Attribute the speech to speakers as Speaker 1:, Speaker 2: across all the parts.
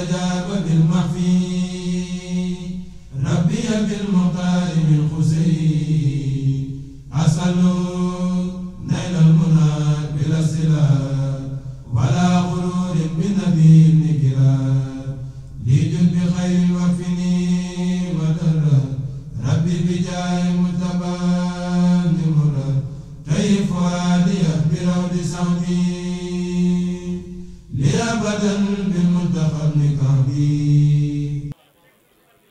Speaker 1: استجاب بالمخفي ربي بالمختار من خزي أسأل نيل المنى بلا سلا ولا غرور بنبي النكرا لجد بخير وفني ودر ربي بجاه متبان مرا طيب فؤادي برود صوتي لأبدا فضلك بي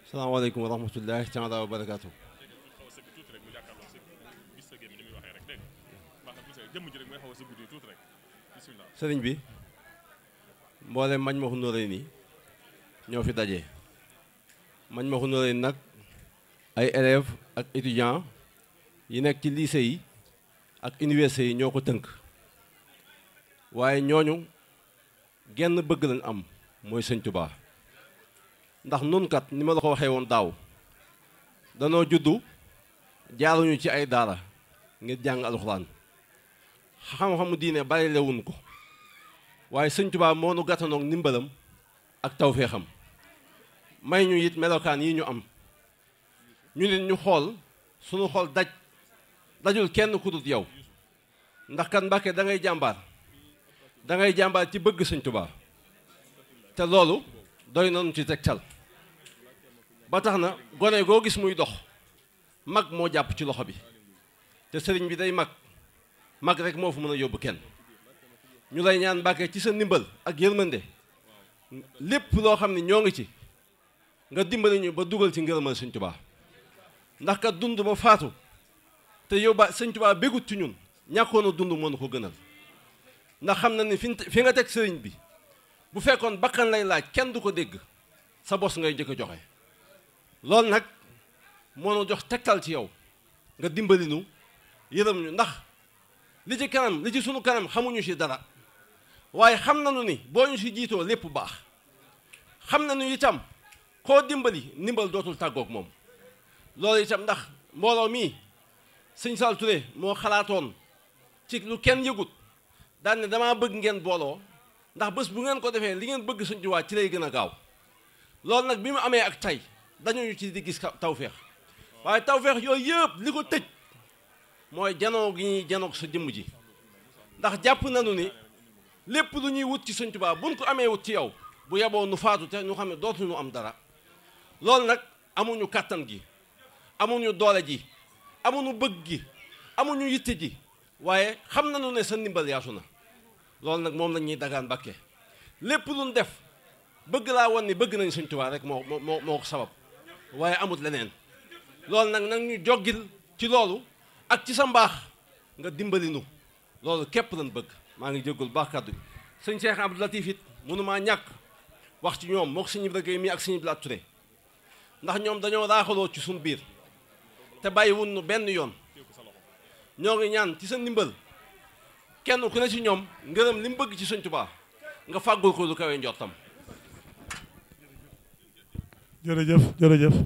Speaker 2: السلام عليكم ورحمة الله تعالى وبركاته sëriñ bi mboole mañ ma xunóoree nii ñoo fi daje mañ ma xunóoree nag ay élèves ak étudiants yi nekk ci lycée yi ak université yi ñoo ko tënk waaye ñooñu genn bëgg lañ am mooy sëñ ndax nun ni ma la ko waxee woon daaw danoo juddu jaaruñu ci ay daara ngir jàng alxuraan xam-xamu diine bari lewun ko waaye sëñtubaa moonu moo nu gàttanoog ndimbalam ak tawféexam may ñu it melokaan yi ñu am ñu nit ñu xool sunu xool daj dajul kenn ku dut yow ndax kan mbàkke da ngay jàmbaar da jàmbaar ci bëgg sëñtubaa te loolu doy nañu ci cal ba tax na gone goo gis muy dox mag moo jàpp ci loxo bi te sëriñ bi day mag mag rek moo fu mën a yóbbu kenn ñu lay ñaan Mbàkke ci sa ndimbal ak yërmande lépp loo xam ne ñoo ngi ci nga dimbali ñu ba dugal ci ngërëmal sëñ Tubaa ndax kat dund ba faatu te yow ba sëñ Tubaa ci ñun ñàkkoon a dund mënu ko gënal ndax xam na ni fi fi nga teg sëriñ bi bu fekkoon bakkan lay laaj kenn du ko dégg sa bos ngay njëkk a joxe loolu nag moo nu jox tegtal ci yow nga dimbali nu yërëm ñu ndax li ci kanam li ci sunu kanam xamuñu ci dara waaye xam nañu ni boo ñu ci jiitoo lépp baax xam na nañu itam koo dimbali ndimbal dootul tàggook moom loolu itam ndax mbooloo mii sëñ Sall Touré moo xalaatoon ci lu kenn yëgut daan ni dama bëgg ngeen booloo ndax bés bu ngeen ko defee li ngeen bëgg Sëñ Tuubaa ci lay gën a gaaw loolu nag bi mu amee ak tey dañuñu ci di gis tawféex waaye tawféex yooyu yëpp li ko tëj mooy janoo gi ñuy janoog sa jëmm ji ndax jàpp nañu ni lépp lu ñuy wut ci Sëñ Tuubaa buñ ko amee wut ci yow bu yeboon nu faatu te ñu xam ne dootuñu am dara loolu nag amuñu kàttan gi amuñu doole ji amuñu bëgg gi amuñu yitte ji waaye xam nañu ne sa ndimbal yaasu na loolu nag moom la ñuy dagaan Mbàkke lépp luñ def bëgg laa wan ni bëgg nañ Sëñ Tuubaa rek moo moo moo ko sabab waaye amut leneen loolu nag nag ñu joggil ci loolu ak ci sa mbaax nga dimbali nu loolu képp lañ bëgg maa ngi jéggul baax kàddu gi sëñ Cheikh Abdou Latif it mënumaa ñàkk wax ci ñoom moo ko sëñ Ibra Gueye mi ak sëñ Ibra ndax ñoom dañoo raaxaloo ci suñ biir te bàyyiwun nu benn yoon ñoo ngi ñaan ci sa ndimbal kenn ku ne ci ñoom ngërëm li mu bëgg ci Sëñ Tuubaa nga fàggul ko lu kawe njottam
Speaker 1: jërëjëf jërëjëf